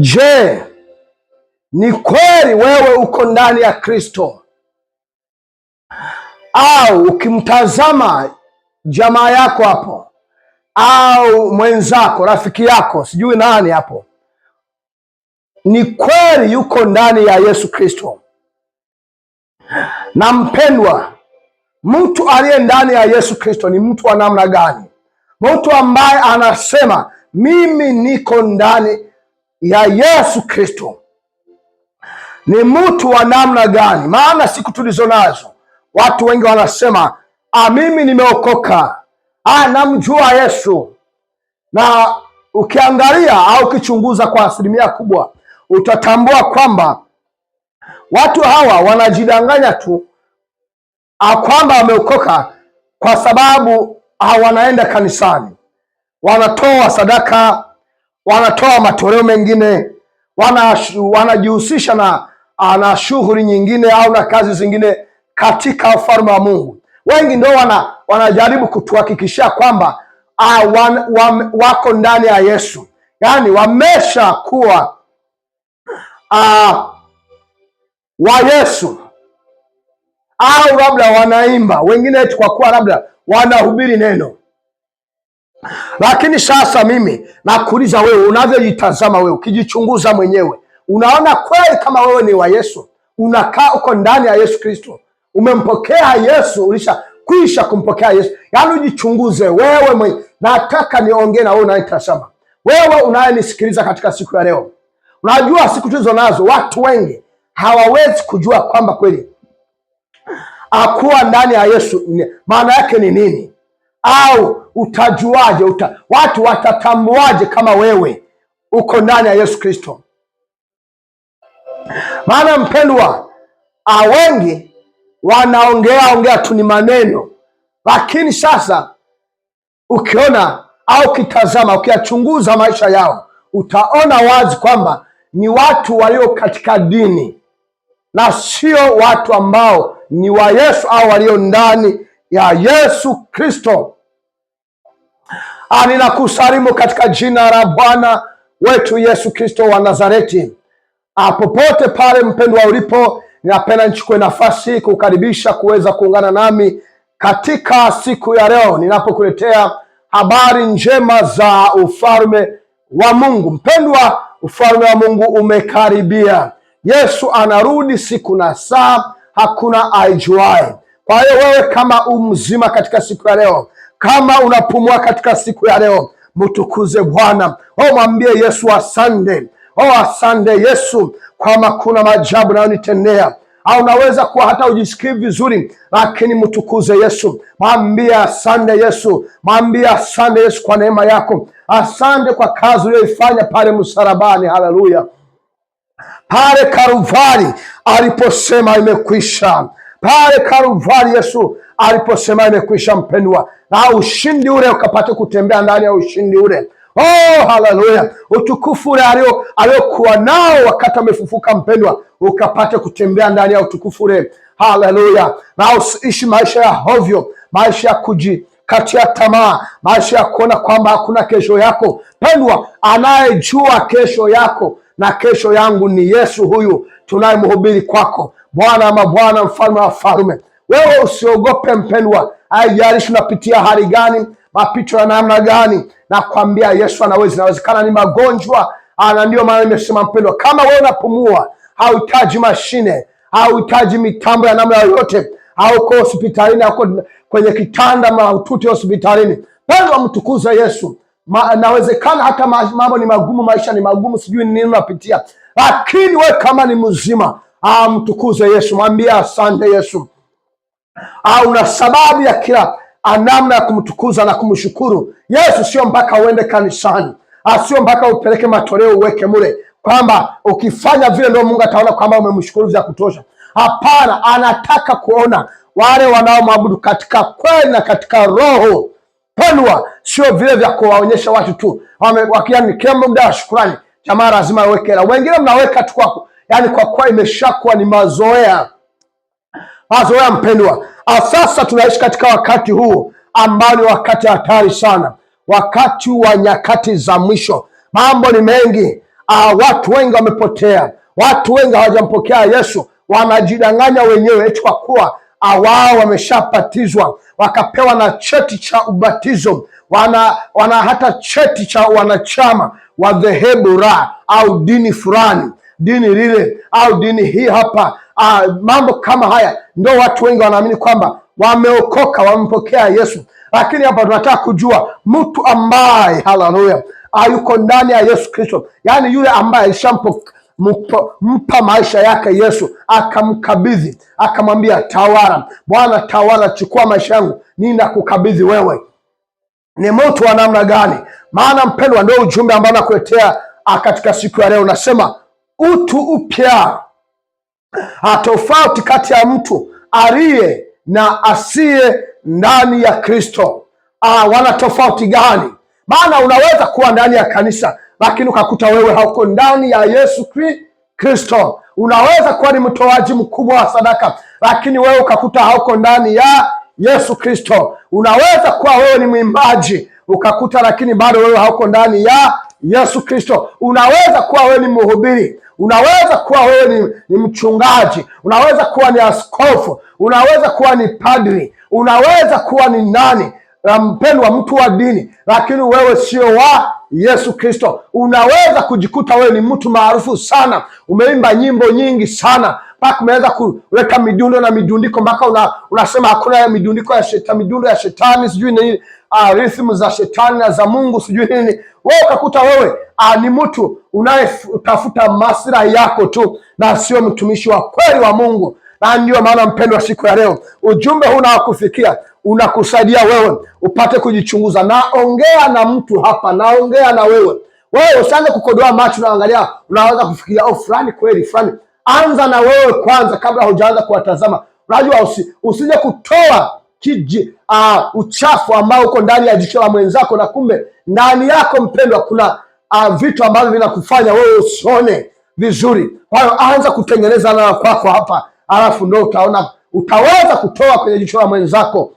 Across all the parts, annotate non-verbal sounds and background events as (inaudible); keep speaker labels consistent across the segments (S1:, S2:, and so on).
S1: Je, ni kweli wewe uko ndani ya Kristo? Au ukimtazama jamaa yako hapo au mwenzako, rafiki yako, sijui nani hapo, ni kweli yuko ndani ya Yesu Kristo? Na mpendwa, mtu aliye ndani ya Yesu Kristo ni mtu wa namna gani? Mtu ambaye anasema mimi niko ndani ya Yesu Kristo ni mtu wa namna gani? Maana siku tulizo nazo watu wengi wanasema a, ah, mimi nimeokoka, ah, namjua Yesu. Na ukiangalia au ukichunguza kwa asilimia kubwa utatambua kwamba watu hawa wanajidanganya tu ah, kwamba wameokoka kwa sababu hawanaenda kanisani, wanatoa sadaka wanatoa matoleo mengine, wanajihusisha wana ah, na, shughuli nyingine au na kazi zingine katika ufalme wa Mungu. Wengi ndio wana, wanajaribu kutuhakikishia kwamba ah, wan, wam, wako ndani ya Yesu, yaani wamesha kuwa ah, wa Yesu au labda wanaimba wengine, eti kwa kuwa labda wanahubiri neno lakini sasa mimi nakuuliza wewe, unavyojitazama wewe, ukijichunguza mwenyewe, unaona kweli kama wewe ni wa Yesu? Unakaa uko ndani ya Yesu Kristo, umempokea Yesu, ulishakwisha kumpokea Yesu? Yaani ujichunguze wewe mwenyewe. Nataka niongee na wewe unayetazama, wewe unayenisikiliza katika siku ya leo. Unajua siku tulizo nazo, watu wengi hawawezi kujua kwamba kweli akuwa ndani ya Yesu maana yake ni nini au utajuaje? uta, watu watatambuaje kama wewe uko ndani ya Yesu Kristo? Maana mpendwa, wengi wanaongea ongea tu, ni maneno, lakini sasa ukiona au ukitazama ukiyachunguza maisha yao utaona wazi kwamba ni watu walio katika dini na sio watu ambao ni wa Yesu au walio ndani ya Yesu Kristo. Ah, ninakusalimu katika jina la Bwana wetu Yesu Kristo wa Nazareti. Ah, popote pale mpendwa ulipo, ninapenda nichukue nafasi kukaribisha kuweza kuungana nami katika siku ya leo ninapokuletea habari njema za ufalme wa Mungu. Mpendwa, ufalme wa Mungu umekaribia. Yesu anarudi siku na saa hakuna aijuae. Kwa hiyo wewe kama umzima katika siku ya leo kama unapumua katika siku ya leo, mtukuze Bwana. O, oh, mwambie Yesu asante. O, oh, asante Yesu, kwama kuna maajabu nayonitendea au unaweza kuwa hata ujisikii vizuri, lakini mtukuze Yesu, mwambie asante Yesu, mwambie asante Yesu kwa neema yako, asante kwa kazi uliyoifanya pale msalabani. Haleluya, pale Karuvari aliposema imekwisha, pale Karuvari Yesu aliposema imekwisha, mpendwa, na ushindi ule ukapata kutembea ndani ya ushindi ule. Oh, haleluya! Utukufu ule aliokuwa nao wakati amefufuka, mpendwa, ukapate kutembea ndani ya utukufu ule. Haleluya! na usiishi maisha ya hovyo, maisha ya kuji ya tamaa, maisha ya kuona kwamba hakuna kesho yako. Pendwa, anayejua kesho yako na kesho yangu ni Yesu huyu tunayemhubiri kwako. Bwana mabwana, mfalme wa falme. wewe usiogope mpendwa. Haijalishi unapitia hali gani, mapito ya namna gani, nakwambia Yesu anaweza. Inawezekana ni magonjwa, na ndio maana nimesema mpendwa, kama wewe unapumua, hauhitaji mashine, hauhitaji mitambo ya namna yoyote, hauko hospitalini, hauko kwenye kitanda mahututi hospitalini. Mpendwa, mtukuze Yesu. nawezekana hata mambo ni magumu, maisha ni magumu, sijui ni nini unapitia, lakini we kama ni mzima Ah, mtukuze Yesu, mwambie asante Yesu. Ah, una sababu ya kila namna ya kumtukuza na kumshukuru Yesu. Sio mpaka uende kanisani, sio mpaka upeleke matoleo uweke mule, kwamba ukifanya vile ndio Mungu ataona kwamba umemshukuru vya kutosha. Hapana, anataka kuona wale wanaomwabudu katika kweli na katika roho pendwa, sio vile vya kuwaonyesha watu tu. Wakiani kila muda ah, wa shukrani, jamaa lazima aweke hela, wengine mnaweka tu kwako yani kwa kuwa imeshakuwa ni mazoea mazoea. Mpendwa, ah, sasa tunaishi katika wakati huu ambao ni wakati hatari sana, wakati wa nyakati za mwisho. Mambo ni mengi, ah, watu wengi wamepotea, watu wengi hawajampokea Yesu, wanajidanganya wenyewe eti kwa kuwa ah, wao wameshapatizwa wakapewa na cheti cha ubatizo, wana, wana hata cheti cha wanachama wa dhehebu ra au dini fulani dini lile au dini hii hapa. Uh, mambo kama haya ndio watu wengi wanaamini kwamba wameokoka, wamempokea Yesu. Lakini hapa tunataka kujua mtu ambaye haleluya, ah, yuko ndani ya Yesu Kristo, yaani yule ambaye alishampa maisha yake Yesu, akamkabidhi, akamwambia tawala, Bwana tawala, chukua maisha yangu, ninakukabidhi wewe. Ni mtu wa namna gani? Maana mpendwa, ndio ujumbe ambao nakuletea ah, katika siku ya leo, nasema utu upya, tofauti kati ya mtu aliye na asiye ndani ya Kristo. Ah, wana tofauti gani? Maana unaweza kuwa ndani ya kanisa lakini ukakuta wewe hauko ndani ya Yesu Kristo. Unaweza kuwa ni mtoaji mkubwa wa sadaka lakini wewe ukakuta hauko ndani ya Yesu Kristo. Unaweza kuwa wewe ni mwimbaji ukakuta, lakini bado wewe hauko ndani ya Yesu Kristo. Unaweza kuwa wewe ni mhubiri, unaweza kuwa wewe ni, ni mchungaji, unaweza kuwa ni askofu, unaweza kuwa ni padri, unaweza kuwa ni nani mpendwa, mtu wa dini, lakini wewe sio wa Yesu Kristo. Unaweza kujikuta wewe ni mtu maarufu sana, umeimba nyimbo nyingi sana mpaka umeweza kuweka midundo na midundiko mpaka una, unasema hakuna ya midundiko ya shetani, midundo ya shetani sijui nini ah, rithmu za shetani na za Mungu sijui nini, wewe ukakuta wewe ah, ni mtu unayetafuta maslahi yako tu na sio mtumishi wa kweli wa Mungu. Na ndio maana mpendo wa siku ya leo ujumbe huu unaokufikia unakusaidia wewe upate kujichunguza. Naongea na mtu hapa, naongea na wewe. Wewe usianze kukodoa macho, unaangalia, unaanza kufikiria oh, fulani kweli fulani. Anza na wewe kwanza, kabla hujaanza kuwatazama. Unajua, usije kutoa kiji uh, uchafu ambao uko ndani ya jicho la mwenzako, na kumbe ndani yako mpendwa, kuna uh, vitu ambavyo vinakufanya wewe usione vizuri. Kwa hiyo anza kutengeneza nara kwako hapa, alafu ndo utaona, utaweza kutoa kwenye jicho la mwenzako.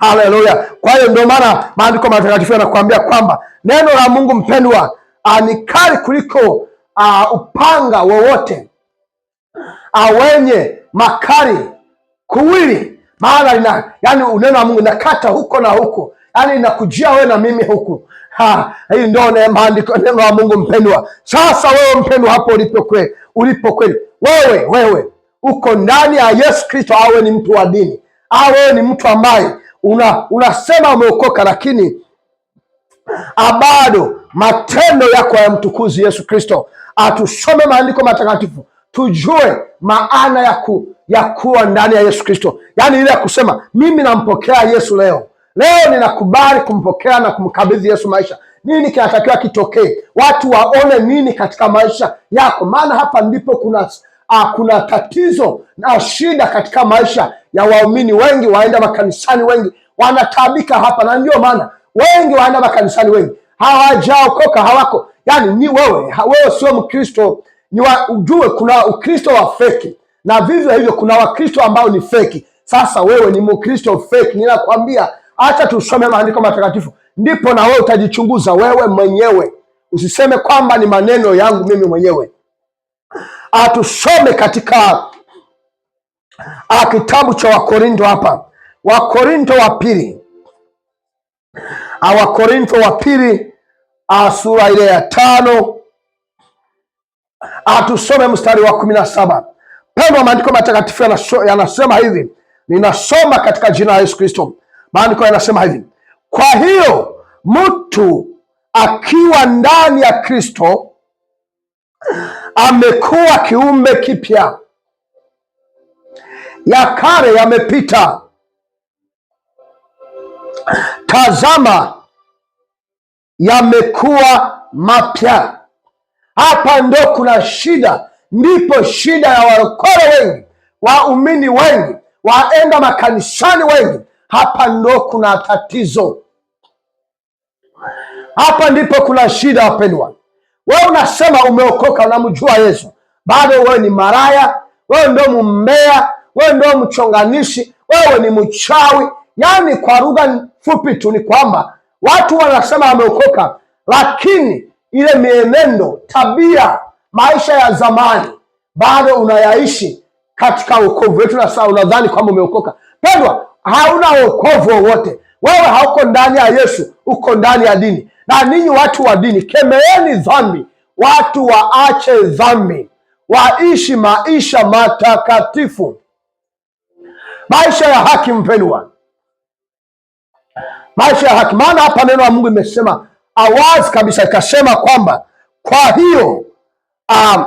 S1: Haleluya! Kwa hiyo ndio maana maandiko matakatifu yanakuambia kwamba neno la Mungu mpendwa, uh, ni kali kuliko uh, upanga wowote uh, wenye makali kuwili maana ina yani uneno wa Mungu inakata huko na huko, yani inakujia wewe na mimi huku. Hii ndio maandiko, neno wa Mungu mpendwa. Sasa wewe mpendwa, hapo ulipo kweli, ulipo kweli wewe, wewe uko ndani ya Yesu Kristo, awe ni mtu wa dini, awe ni mtu ambaye una, unasema umeokoka lakini bado matendo yako hayamtukuzi Yesu Kristo. Atusome maandiko matakatifu tujue maana ya ku ya kuwa ndani ya Yesu Kristo, yaani ile ya kusema mimi nampokea Yesu leo, leo ninakubali kumpokea na kumkabidhi Yesu maisha. Nini kinatakiwa kitokee? Watu waone nini katika maisha yako? Maana hapa ndipo kuna a, ah, kuna tatizo na shida katika maisha ya waumini wengi, waenda makanisani wengi wanataabika hapa, na ndio maana wengi waenda makanisani wengi hawajaokoka hawako. Yani ni wewe, wewe sio Mkristo, ni ujue kuna Ukristo wa feki na vivyo hivyo kuna wakristo ambao ni feki. Sasa wewe ni mkristo feki, ninakwambia acha tusome maandiko matakatifu, ndipo na wewe utajichunguza wewe mwenyewe. Usiseme kwamba ni maneno yangu mimi mwenyewe. Atusome katika a ah, kitabu cha Wakorinto hapa, Wakorinto wa pili, ah, Wakorinto wa pili ah, sura ile ya tano, atusome mstari wa kumi na saba Pendwa, maandiko matakatifu yanasema hivi, ninasoma katika jina la Yesu Kristo. Maandiko yanasema hivi, kwa hiyo mtu akiwa ndani ya Kristo amekuwa kiumbe kipya, ya kale yamepita, tazama, yamekuwa mapya. Hapa ndo kuna shida ndipo shida ya warokore wengi, waumini wengi, waenda makanisani wengi. Hapa ndo kuna tatizo, hapa ndipo kuna shida. Wapendwa, wewe unasema umeokoka, unamjua Yesu, bado wewe ni maraya, wewe ndo mumbea, wewe ndo mchonganishi, wewe ni mchawi. Yaani kwa lugha fupi tu ni kwamba watu wanasema wameokoka, lakini ile mienendo, tabia maisha ya zamani bado unayaishi katika wokovu wetu, na sasa unadhani kwamba umeokoka. Pendwa, hauna wokovu wowote wewe, hauko ndani ya Yesu, uko ndani ya dini. Na ninyi watu wa dini, kemeeni dhambi, watu waache dhambi, waishi maisha matakatifu, maisha ya haki. Mpendwa, maisha ya haki, maana hapa neno la Mungu imesema awazi kabisa, ikasema kwamba kwa hiyo um,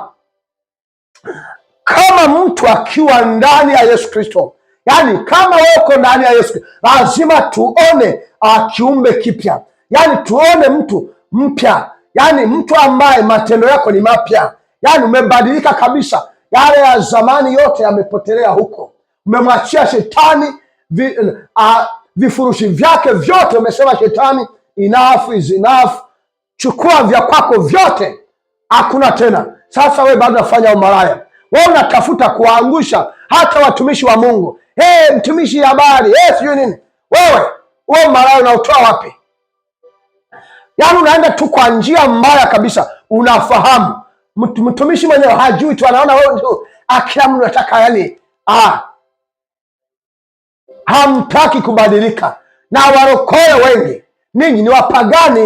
S1: kama mtu akiwa ndani ya Yesu Kristo, yaani kama weko ndani ya Yesu lazima tuone uh, kiumbe kipya, yaani tuone mtu mpya, yaani mtu ambaye matendo yako ni mapya, yaani umebadilika kabisa, yale ya zamani yote yamepotelea huko, umemwachia shetani vi, uh, vifurushi vyake vyote, umesema shetani, enough is enough, chukua vya kwako vyote hakuna tena. Sasa we bado nafanya umalaya, we unatafuta kuangusha hata watumishi wa Mungu. Hey, mtumishi habari, hey, sijui nini. Wewe wewe umalaya unaotoa wapi? Yaani unaenda tu kwa njia mbaya kabisa, unafahamu mtumishi mwenyewe hajui tu, anaona wewe ndio akila mtu anataka, yani ah, hamtaki kubadilika. Na warokole wengi ninyi ni wapagani,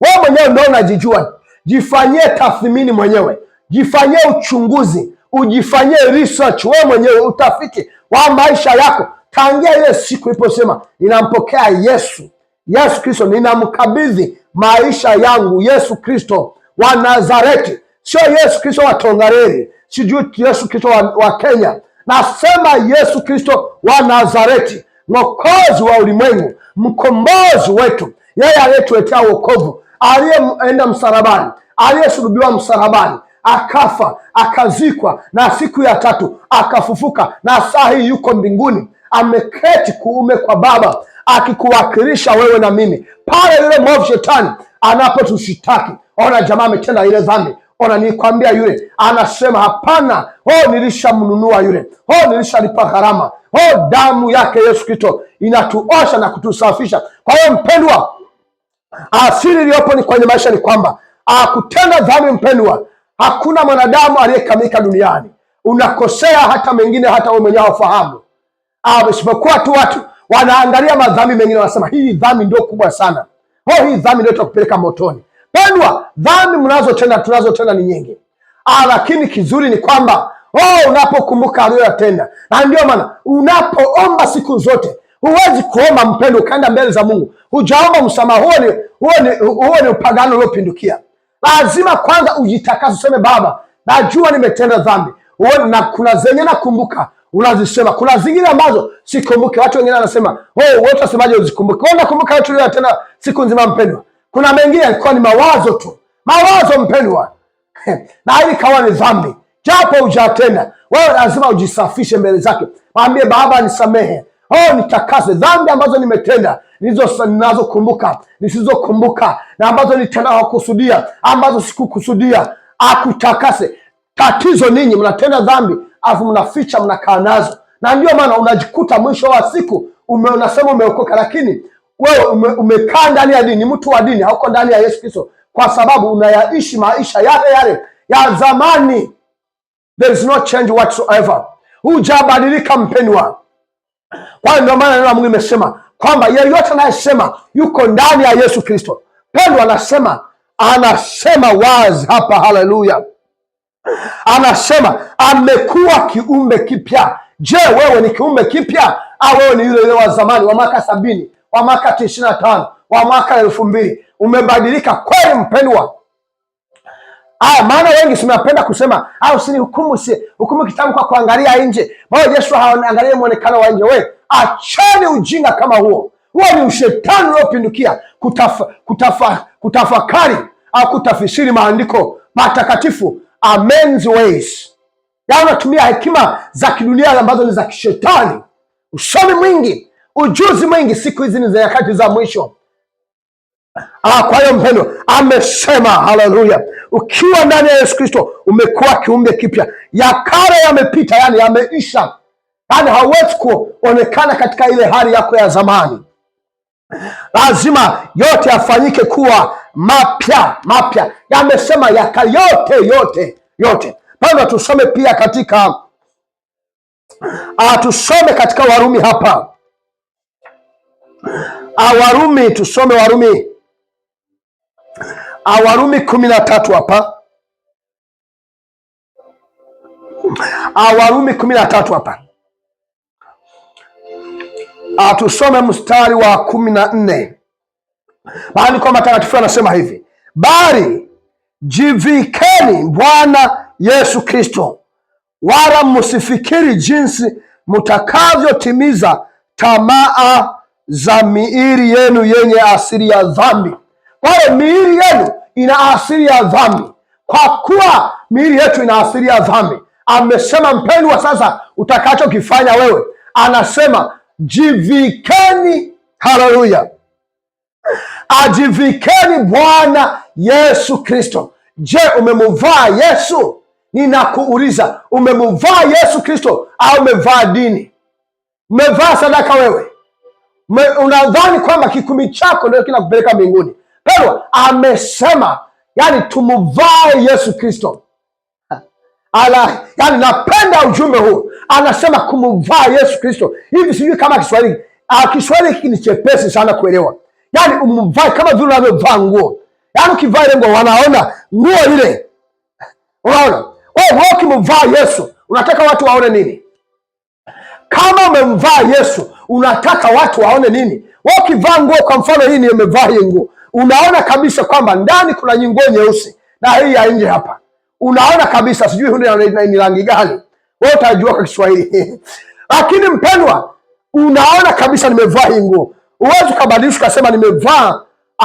S1: wewe mwenyewe ndio unajijua Jifanyie tathmini mwenyewe, jifanyie uchunguzi, ujifanyie research wewe mwenyewe, utafiti wa maisha yako tangia ile siku iliposema ninampokea Yesu Yesu Kristo, ninamkabidhi maisha yangu Yesu Kristo wa Nazareti, sio Yesu Kristo wa Tongareri, sijui Yesu Kristo wa, wa Kenya. Nasema Yesu Kristo wa Nazareti, mwokozi wa ulimwengu, mkombozi wetu, yeye aliyetuletea wokovu aliyeenda msalabani, aliyesulubiwa msalabani, akafa akazikwa, na siku ya tatu akafufuka, na saa hii yuko mbinguni, ameketi kuume kwa Baba akikuwakilisha wewe na mimi. Pale yule mwovu shetani anapotushitaki, ona jamaa ametenda ile dhambi Ona, nikwambia yule anasema hapana, ho nilishamnunua yule, o nilishalipa gharama, o damu yake Yesu Kristo inatuosha na kutusafisha. Kwa hiyo mpendwa Asili iliyopo ni kwenye maisha ni kwamba akutenda ah, dhambi, mpendwa, hakuna mwanadamu aliyekamilika duniani. Unakosea hata mengine, hata wewe mwenyewe haufahamu, ah, isipokuwa tu watu wanaangalia madhambi mengine, wanasema hii dhambi ndio kubwa sana, oh, hii dhambi ndio itakupeleka motoni. Pendwa, dhambi mnazotenda tunazotenda ni nyingi, ah, lakini kizuri ni kwamba oh, unapokumbuka aliyoyatenda, na ndio maana unapoomba siku zote Huwezi kuomba mpendo ukaenda mbele za Mungu hujaomba msamaha. Huo ni, huo ni, huo ni upagano uliopindukia. Lazima kwanza ujitakase, useme Baba, najua nimetenda dhambi na kuna zenye nakumbuka unazisema, kuna zingine ambazo sikumbuke. Watu wengine wanasema oh, wewe, wote wasemaje uzikumbuke? Wewe unakumbuka yote tena siku nzima, mpendwa. Kuna mengine yalikuwa ni mawazo tu, mawazo mpendwa, (laughs) na hili kawa ni dhambi, japo hujatenda wewe. Lazima ujisafishe mbele zake, mwambie Baba, nisamehe Oh, nitakase dhambi ambazo nimetenda ninazokumbuka nisizokumbuka, na ambazo nitenda nitanakusudia ambazo sikukusudia, akutakase. Tatizo ninyi mnatenda dhambi alafu mnaficha, mnakaa nazo, na ndio maana unajikuta mwisho wa siku ume, unasema umeokoka, lakini wewe ume, umekaa ndani ya dini, mtu wa dini hauko ndani ya Yesu Kristo, kwa sababu unayaishi maisha yale yale ya zamani. There is no change whatsoever, hujabadilika mpendwa. Kwa hiyo ndio maana neno la Mungu imesema kwamba yeyote anayesema yuko ndani ya Yesu Kristo, pendwa anasema anasema wazi hapa, haleluya, anasema amekuwa kiumbe kipya. Je, wewe ni kiumbe kipya au ah, wewe ni yule yule wa zamani, wa mwaka sabini, wa mwaka tisini na tano, wa mwaka elfu mbili? Umebadilika kweli mpendwa? Ah, maana wengi tunapenda kusema au ah, usinihukumu, hukumu kitabu kwa kuangalia nje. Bwana Yesu haangalie muonekano wa nje. We, achane ujinga kama huo. Huo ni ushetani uliopindukia kutafa, kutafa, kutafakari au kutafisiri maandiko matakatifu amens ways. Yaani Anatumia hekima za kidunia ambazo ni za kishetani, usomi mwingi, ujuzi mwingi. Siku hizi ni za nyakati za mwisho. Ah, kwa hiyo mpendo amesema, haleluya ukiwa ndani ya Yesu Kristo umekuwa kiumbe kipya, ya kale yamepita, yani yameisha, yani hauwezi kuonekana katika ile hali yako ya zamani. Lazima yote yafanyike kuwa mapya mapya. Yamesema yaka yote yote yote. Pana tusome pia katika a, ah, tusome katika Warumi hapa a, ah, Warumi tusome Warumi Awarumi kumi na tatu hapa Awarumi kumi na tatu hapa atusome mstari wa kumi na nne bali kwa matakatifu anasema hivi, bali jivikeni Bwana Yesu Kristo, wala msifikiri jinsi mtakavyotimiza tamaa za miili yenu yenye asili ya dhambi. Wale miili yenu ina asili ya dhambi, kwa kuwa miili yetu ina asili ya dhambi. Amesema mpendwa, sasa utakachokifanya wewe, anasema jivikeni, haleluya, ajivikeni Bwana Yesu Kristo. Je, umemuvaa Yesu? Ninakuuliza, umemuvaa Yesu Kristo au umevaa dini? Umevaa sadaka wewe? Unadhani kwamba kikumi chako ndio kinakupeleka mbinguni? Mpendwa, amesema yani tumuvae Yesu Kristo. (laughs) Ala, yani napenda ujumbe huu, anasema kumuvaa Yesu Kristo. Hivi sijui kama Kiswahili ah, Kiswahili hiki ni chepesi sana kuelewa, yani umvae kama vile unavyovaa nguo, yani ukivaa ile nguo wanaona nguo ile, (laughs) unaona wewe. Ukimvaa Yesu unataka watu waone nini? Kama umemvaa Yesu unataka watu waone nini? Wewe ukivaa nguo, kwa mfano hii nimevaa hii nguo unaona kabisa kwamba ndani kuna nyingo nyeusi na hii ya nje hapa unaona kabisa, sijui ni rangi gani, wewe utajua kwa Kiswahili (laughs) lakini mpendwa, unaona kabisa nimevaa hii nguo, uwezi ukabadilisha ukasema nimevaa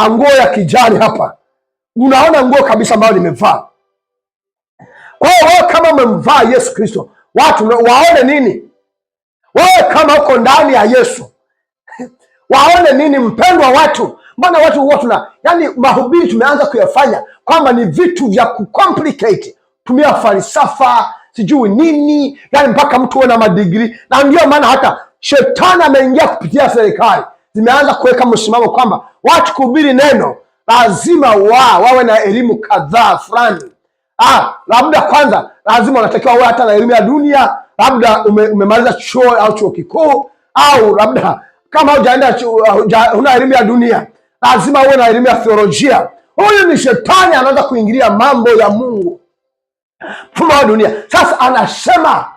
S1: nguo ya kijani hapa. Unaona nguo kabisa ambayo nimevaa. Kwa hiyo wewe kama umemvaa Yesu Kristo, watu waone nini? Wewe kama uko ndani ya Yesu (laughs) waone nini, mpendwa watu. Mbona watu huwa tuna yani, mahubiri tumeanza kuyafanya kwamba ni vitu vya kucomplicate, tumia falsafa sijui nini, yani mpaka mtu uwe na madigrii, na ndio maana hata shetani ameingia kupitia serikali, zimeanza kuweka msimamo kwamba watu kuhubiri neno lazima wa wawe na elimu kadhaa fulani. Ah, labda kwanza lazima unatakiwa uwe hata na elimu ya dunia, labda ume, umemaliza chuo au chuo kikuu au labda kama hujaenda uh, huna elimu ya dunia, lazima uwe na elimu ya theolojia. Huyu ni shetani, anaweza kuingilia mambo ya Mungu, mfumo wa dunia. Sasa anasema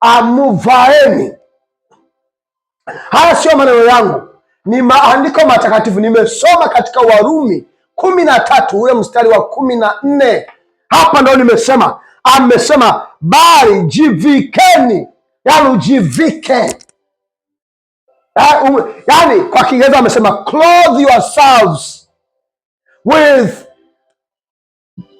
S1: amuvaeni. Haya siyo maneno yangu, ni maandiko matakatifu, nimesoma katika Warumi kumi na tatu ule mstari wa kumi na nne hapa ndo nimesema, amesema bali jivikeni, yani ujivike Eh, um, yani kwa Kiingereza wamesema clothe yourselves with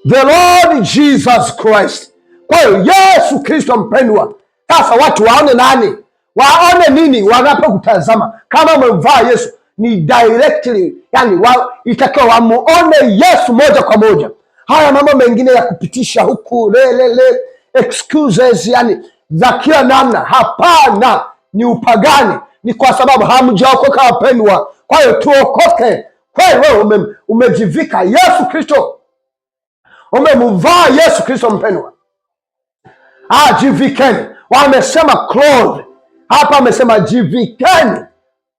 S1: the Lord Jesus Christ. Kwa hiyo Yesu Kristo mpendwa, sasa watu waone nani? Waone nini wanapokutazama? Kama umemvaa Yesu ni directly, yani wa, itakiwa wamuone Yesu moja kwa moja. Haya mambo mengine ya kupitisha huku lelele excuses, yani za kila namna, hapana, ni upagani ni kwa sababu hamjaokoka wapendwa. Kwa hiyo tuokoke kweli. Wewe umejivika Yesu Kristo, umemvaa Yesu Kristo mpendwa, jivikeni. Wamesema clothe hapa, amesema jivikeni,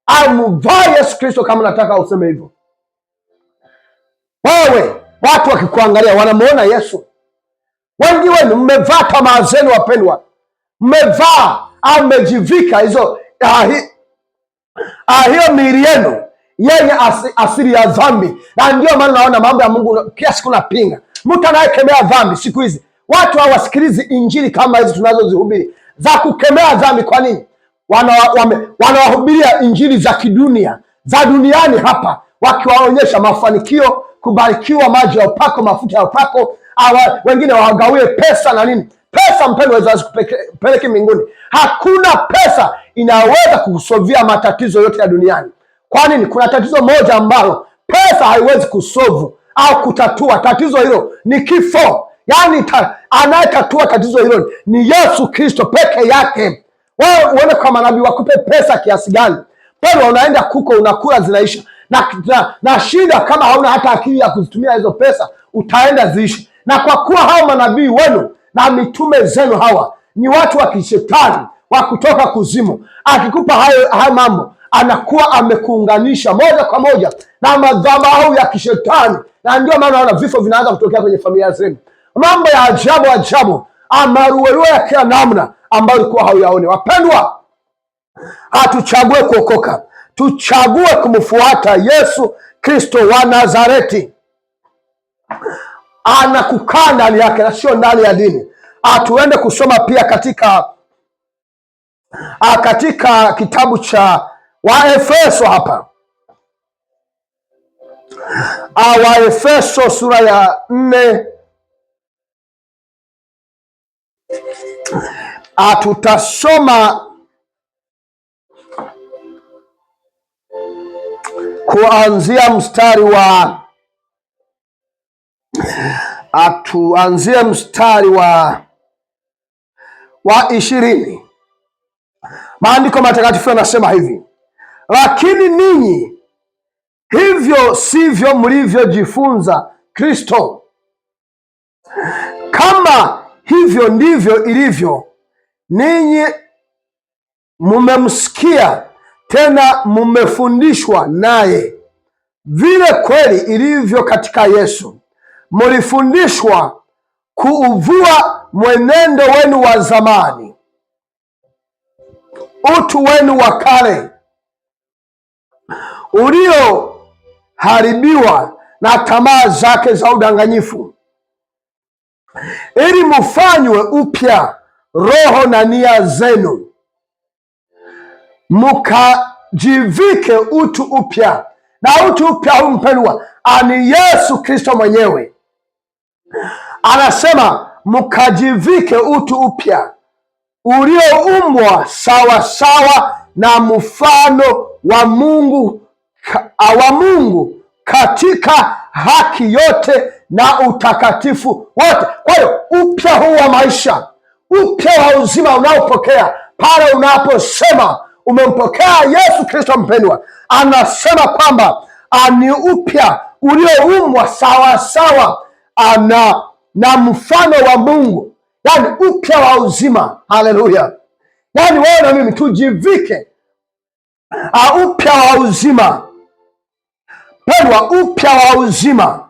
S1: amvaa Yesu Kristo. Kama nataka useme hivyo wewe, watu wakikuangalia wanamuona Yesu. Wengi wenu mmevaa tamaa zenu wapendwa, mmevaa amejivika hizo ah, hi ah, hiyo miili yenu yenye asili ya dhambi. Na ndio maana naona mambo ya Mungu kila siku napinga mtu anayekemea dhambi. Siku hizi watu hawasikilizi injili kama hizi tunazozihubiri za kukemea dhambi. Kwa nini? wanawahubiria wana injili za kidunia za duniani hapa, wakiwaonyesha mafanikio, kubarikiwa, maji ya upako, mafuta ya upako, wengine wawagawie pesa na nini Pesa mpendwa, kupeleke mbinguni. Hakuna pesa inaweza kusovia matatizo yote ya duniani. Kwa nini? Kuna tatizo moja ambalo pesa haiwezi kusovu au kutatua. Tatizo hilo ni kifo. Yaani ta, anayetatua tatizo hilo ni Yesu Kristo peke yake. Wewe uende kwa manabii wakupe pesa kiasi gani? Mpendwa, unaenda kuko unakula zinaisha na, na, na shida kama hauna hata akili ya kuzitumia hizo pesa utaenda ziishi, na kwa kuwa hao manabii wenu na mitume zenu hawa ni watu wa kishetani wa kutoka kuzimu. Akikupa hayo, hayo mambo anakuwa amekuunganisha moja kwa moja na madhabahu ya kishetani, na ndio maana naona vifo vinaanza kutokea kwenye familia zenu, mambo ya ajabu ajabu, amaruerue ah, ya kila namna ambayo ulikuwa hauyaone. Wapendwa, hatuchague kuokoka, tuchague kumfuata Yesu Kristo wa Nazareti anakukaa ndani yake na sio ndani ya dini. Ah, tuende kusoma pia katika a, ah, katika kitabu cha Waefeso hapa a, ah, Waefeso sura ya nne tutasoma kuanzia mstari wa atuanzie mstari wa wa ishirini. Maandiko matakatifu yanasema hivi: lakini ninyi hivyo sivyo mlivyojifunza Kristo, kama hivyo ndivyo ilivyo ninyi mmemsikia tena mmefundishwa naye, vile kweli ilivyo katika Yesu mulifundishwa kuuvua mwenendo wenu wa zamani, utu wenu wa kale ulioharibiwa na tamaa zake za udanganyifu, ili mufanywe upya roho na nia zenu, mukajivike utu upya. Na utu upya huu mpendwa, ani Yesu Kristo mwenyewe Anasema mkajivike utu upya ulioumbwa sawasawa na mfano wa Mungu, wa Mungu katika haki yote na utakatifu wote. Kwa hiyo upya huu wa maisha, upya wa uzima unaopokea pale unaposema umempokea Yesu Kristo. Mpendwa, anasema kwamba ni upya ulioumbwa sawasawa ana na mfano wa Mungu, yani upya wa uzima. Haleluya! Yani wewe na mimi tujivike ah, upya wa uzima, pendwa, upya wa uzima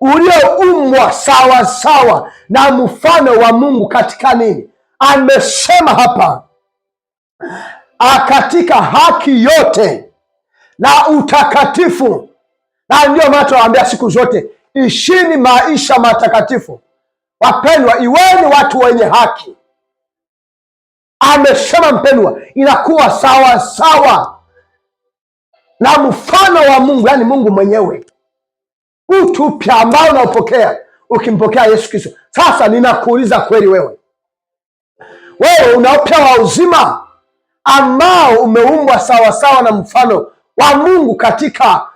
S1: ulioumbwa sawa sawa na mfano wa Mungu katika nini? Amesema hapa ah, katika haki yote na utakatifu, na ndio maana tunawaambia siku zote ishini maisha matakatifu. Wapendwa, iweni watu wenye haki. Amesema mpendwa, inakuwa sawa sawa na mfano wa Mungu, yaani Mungu mwenyewe, utu upya ambao unaopokea ukimpokea Yesu Kristo. Sasa ninakuuliza kweli, wewe wewe una upya wa uzima ambao umeumbwa sawasawa na mfano wa Mungu katika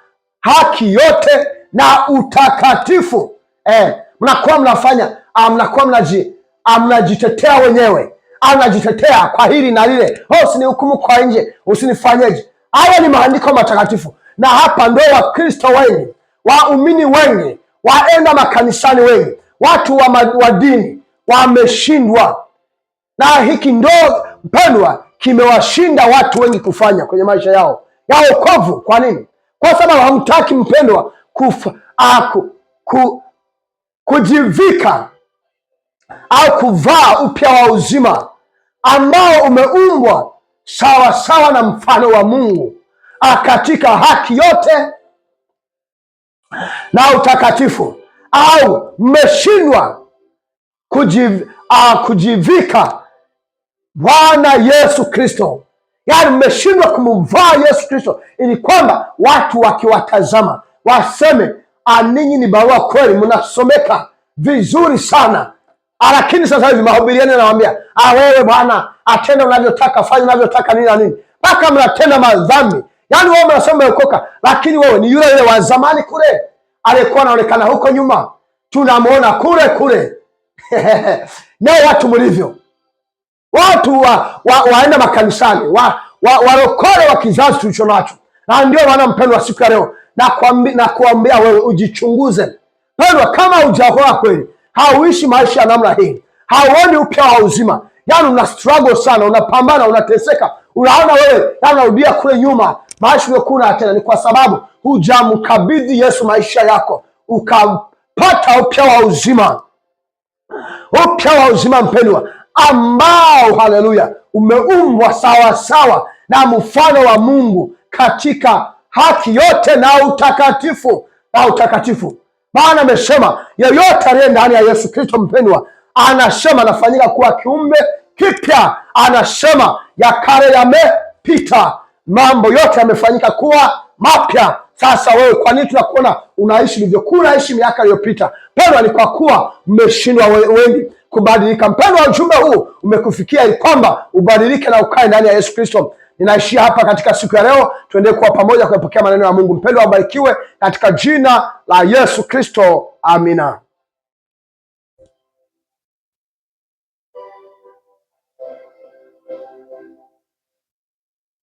S1: haki yote na utakatifu eh, mnakuwa mnafanya ah, mnakuwa mnaji ah, mnajitetea wenyewe au ah, kwa hili na lile, oh, usinihukumu kwa nje, usinifanyeje. Haya ni maandiko matakatifu, na hapa ndio Wakristo wengi, waumini wengi, waenda makanisani wengi, watu wa, ma, wa dini wameshindwa na hiki ndo mpendwa, kimewashinda watu wengi kufanya kwenye maisha yao ya wokovu. Kwa nini? Kwa sababu hamtaki mpendwa, kufa, aku, ku, kujivika au kuvaa upya wa uzima ambao umeumbwa sawa sawa na mfano wa Mungu ah, katika haki yote na utakatifu, au mmeshindwa kujiv, ah, kujivika Bwana Yesu Kristo, yaani mmeshindwa kumvaa Yesu Kristo ili kwamba watu wakiwatazama waseme aninyi ah, ni barua kweli, mnasomeka vizuri sana ah, lakini sasa hivi mahubiriani anawaambia ah, wewe bwana, atenda unavyotaka, fanya unavyotaka, nini na nini, mpaka mnatenda madhambi. Yaani wewe mnasema umeokoka, lakini wewe ni yule yule wa zamani kule aliyekuwa anaonekana huko nyuma, tunamwona kule kule (laughs) na watu mlivyo, watu wa, wa, waenda makanisani wa, wa, warokole wa kizazi tulicho nacho, na ndio maana mpendwa, siku ya leo na kuambia wewe ujichunguze pendwa, kama ujaokoka kweli hauishi maisha ya namna hii, hauoni upya wa uzima, yani una struggle sana, unapambana, unateseka, unaona wewe yani unarudia kule nyuma maisha uliokuwa unatenda, ni kwa sababu hujamkabidhi Yesu maisha yako ukapata upya wa uzima, upya wa uzima mpendwa, ambao haleluya, umeumbwa sawasawa na mfano wa Mungu katika haki yote na utakatifu na utakatifu. Maana amesema yeyote aliye ndani ya Yesu Kristo, mpendwa, anasema anafanyika kuwa kiumbe kipya, anasema ya kale yamepita, mambo yote yamefanyika kuwa mapya. Sasa wewe, kwa nini tunakuona unaishi livyokuwa unaishi miaka iliyopita? Mpendwa, ni kwa kuwa mmeshindwa wengi kubadilika. Mpendwa, ujumbe huu umekufikia ili kwamba ubadilike na ukae ndani ya Yesu Kristo. Ninaishia hapa katika siku ya leo, tuendelee kuwa pamoja kuyapokea maneno ya Mungu. Mpendwa, abarikiwe katika jina la Yesu Kristo, amina.